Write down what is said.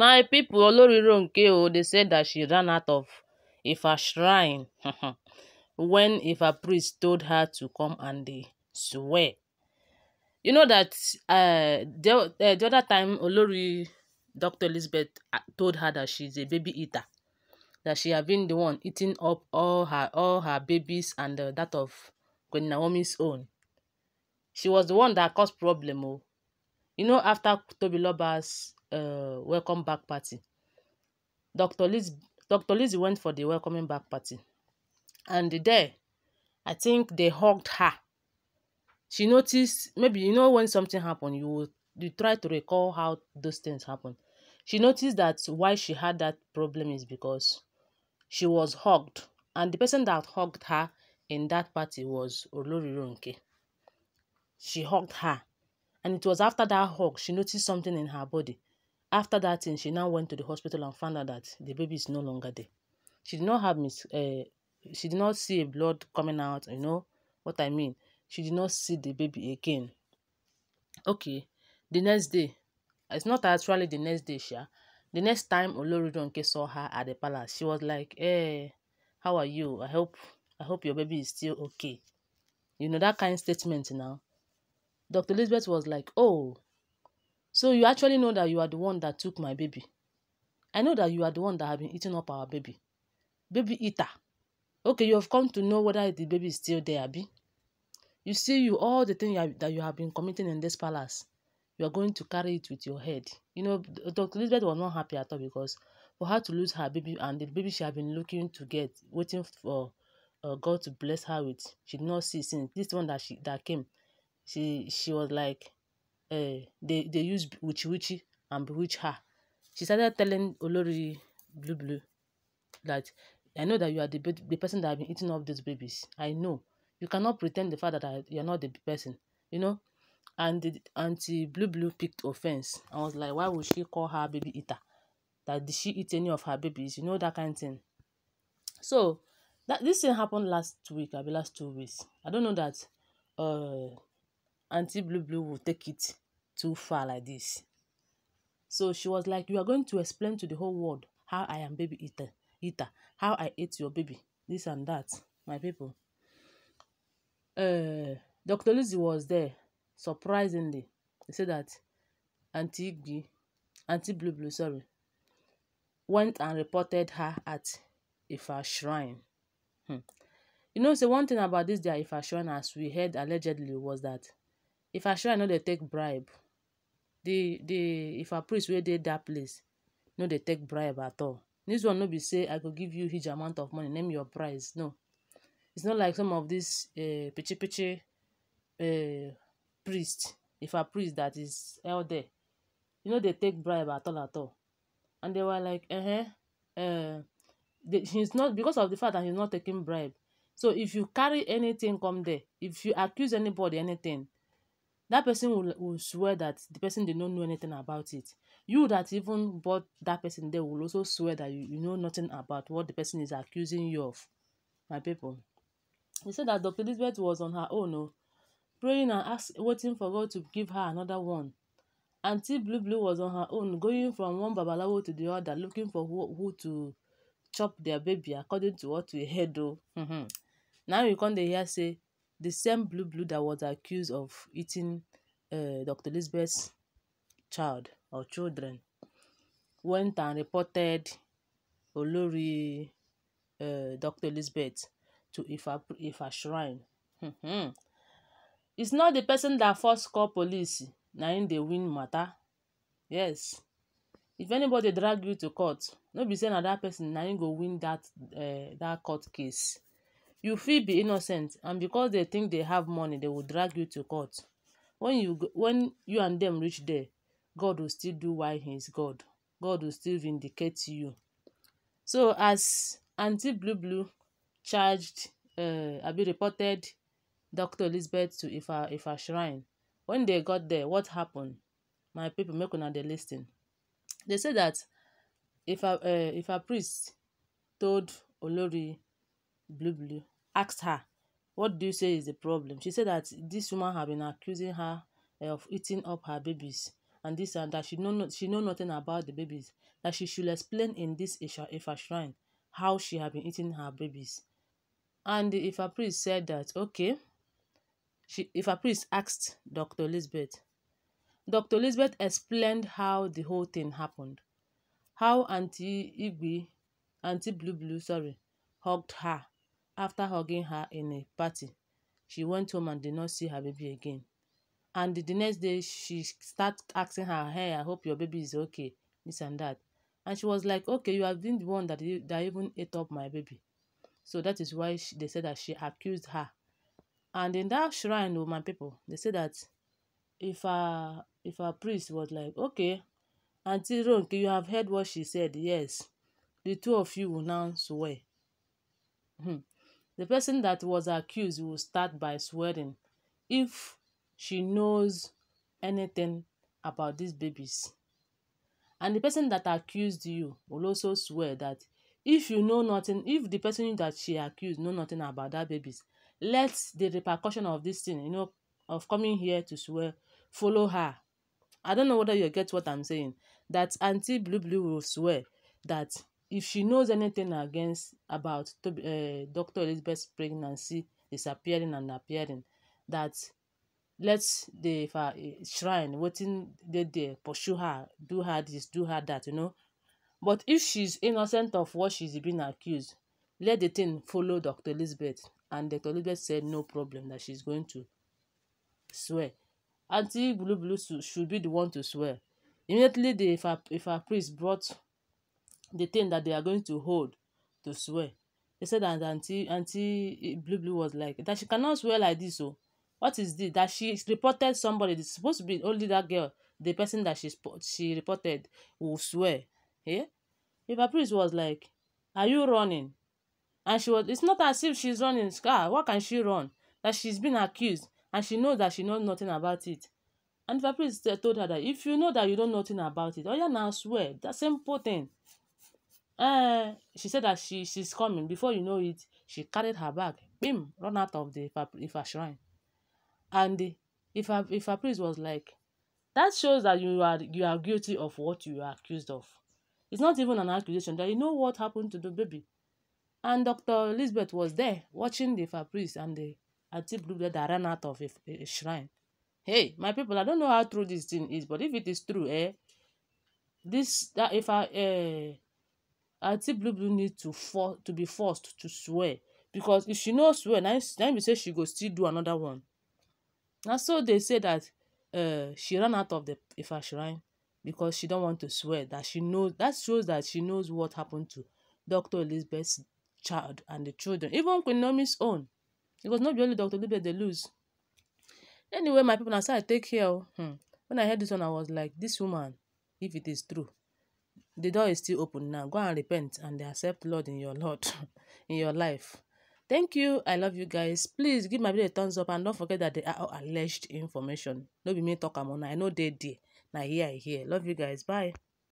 my pipo olorironke oo dey say that she ran out of ifa shrine wen ifa priest told her to come and dey swear. you know that uh, the, uh, the other time olori dr elizabeth uh, told her that she's a baby eater that she had been the one eating up all her all her babies and uh, that of Queen Naomi's own. She was the one that caused problem. Oh. You know, after Tobiloba's uh, welcome back party. Dr. Liz, Dr. Lizzie went for the welcoming back party. And there, I think they hugged her. She noticed, maybe you know when something happened, you you try to recall how those things happened. She noticed that why she had that problem is because she was hugged. And the person that hugged her in that party was Olori Ronke. She hugged her. And it was after that hug she noticed something in her body. After that thing, she now went to the hospital and found out that the baby is no longer there. She did not have mis uh, she did not see blood coming out, you know what I mean. She did not see the baby again. Okay, the next day, it's not actually the next day, Sha. The next time Oloridonke saw her at the palace, she was like, "Hey, eh, how are you? I hope I hope your baby is still okay." You know that kind of statement now. Dr. Elizabeth was like, "Oh, so you actually know that you are the one that took my baby. I know that you are the one that have been eating up our baby. Baby eater. Okay, you have come to know whether the baby is still there, Abi. You see, you all the things that you have been committing in this palace, you are going to carry it with your head. You know, Dr. Elizabeth was not happy at all because for her to lose her baby and the baby she had been looking to get, waiting for uh, God to bless her with, she did not see since this one that she that came. She she was like, uh, they, they use witchy witchy and bewitch her. She started telling Olori Blue Blue that I know that you are the, the person that have been eating up those babies. I know. You cannot pretend the fact that I, are not the person, you know. And the auntie Blue Blue picked offense. I was like, why would she call her baby eater? That did she eat any of her babies? You know that kind of thing. So that this thing happened last week, I last two weeks. I don't know that uh Auntie Blue Blue will take it too far like this. So she was like, You are going to explain to the whole world how I am baby eater, eater, how I ate your baby, this and that, my people. Uh, eh, Dr. Lizzie was there, surprisingly. he said that Auntie Igby, Auntie Blue Blue, sorry, went and reported her at Ifa Shrine. Hmm. You know, say so one thing about this, their Ifa Shrine, as we heard allegedly, was that If Ifa shrine no dey take bribe. The the if a priest wey dey that place no dey take bribe at all. This one no be say I go give you huge amount of money, name your price. No. It's not like some of these eh, um pichi pichi um priest, If a priest that is elder. you know they take bribe at all at all. And they were like um um the he's not because of the fact that he's not taking bribe. So if you carry anything come there, if you accuse anybody anything, that person will, will swear that the person did not know anything about it. You that even bought that person there will also swear that you, you know nothing about what the person is accusing you of. My people. He said that Dr. Elizabeth was on her own, oh, praying and ask, waiting for God to give her another one. Auntie Blue Blue was on her own, going from one babalawo to the other, looking for who, who to chop their baby according to what we heard. Oh. Now we come dey hear say the same Blue Blue that was accused of eating uh, eh, Dr. Elizabeth's child or children went and reported Olori uh, eh, Dr. Elizabeth to Ifa, Ifa Shrine. It's not the person that first called police Now in the win matter. Yes. If anybody drag you to court, no be say that person Now you go win that uh, that court case. you fit be innocent and because they think they have money they will drag you to court when you when you and them reach there god will still do why he is god god will still vindicate you so as auntie blue blue charged uh eh, be reported dr elizabeth to ifa ifa shrine when they got there what happened my people make another listing. they say that a uh, a priest told olori blue blue asked her what do you say is the problem she said that this woman had been accusing her of eating up her babies and this and that she know she know nothing about the babies that she should explain in this Isha Ifa shrine how she had been eating her babies and the Ifa priest said that okay she Ifa priest asked Dr. Elizabeth Dr. Elizabeth explained how the whole thing happened how Auntie Igwe Auntie Blue Blue sorry hugged her After hugging her in a party, she went home and did not see her baby again. And the next day, she start asking her, Hey, I hope your baby is okay, this and that. And she was like, Okay, you have been the one that, e, that even ate up my baby. So that is why she, they said that she accused her. And in that shrine, with oh, my people, they said that if a if a priest was like, Okay, Auntie Ronke, you have heard what she said, yes. The two of you will now swear. Hmm. The person that was accused will start by swearing if she knows anything about these babies. And the person that accused you will also swear that if you know nothing, if the person that she accused know nothing about that babies, let the repercussion of this thing, you know, of coming here to swear, follow her. I don't know whether you get what I'm saying. That Auntie Blue Blue will swear that if she knows anything against about uh, eh, Dr. Elizabeth's pregnancy disappearing and appearing, that let the uh, eh, shrine waiting they there pursue her, do her this, do her that, you know. But if she's innocent of what she's being accused, let the thing follow Dr. Elizabeth. And Dr. Elizabeth said no problem that she's going to swear. Auntie Blue Blue should be the one to swear. Immediately, the if a if priest brought the thing that they are going to hold to swear they said that aunty aunty eh, blue blue was like that she cannot swear like this o oh. what is this that she reported somebody it's supposed to be only that girl the person that she she reported will swear yeah. If a priest was like are you running and she was it's not as if she's running ah what can she run that she's been accused and she knows that she knows nothing about it and if a priest eh, told her that if you know that you don't know nothing about it oh yeah, now swear that's important. Uh, she said that she she's coming. Before you know it, she carried her bag, bim, run out of the Ifa, Ifa shrine. And the Ifa, Ifa priest was like, that shows that you are you are guilty of what you are accused of. It's not even an accusation. That you know what happened to the baby. And Dr. Elizabeth was there watching the Ifa priest and the anti blue that ran out of a, a, a shrine. Hey, my people, I don't know how true this thing is, but if it is true, eh, this that if I eh aunty blue blue need to for to be forced to swear because if she no swear na im be say she go still do another one na so they say that uh, she ran out of the ifa shrine because she don want to swear that she knows that shows that she knows what happened to dr Elizabeth child and the children even queen Nomi's own because no be only dr elizabeth dey lose anyway my people na so i take care o oh. hmm. when i hear this one i was like this woman if it is true The door is still open now. Go and repent and accept Lord in your Lord in your life. Thank you. I love you guys. Please give my video a thumbs up and don't forget that they are all alleged information. No be me talk am una. I know they did. Now here I hear. Love you guys. Bye.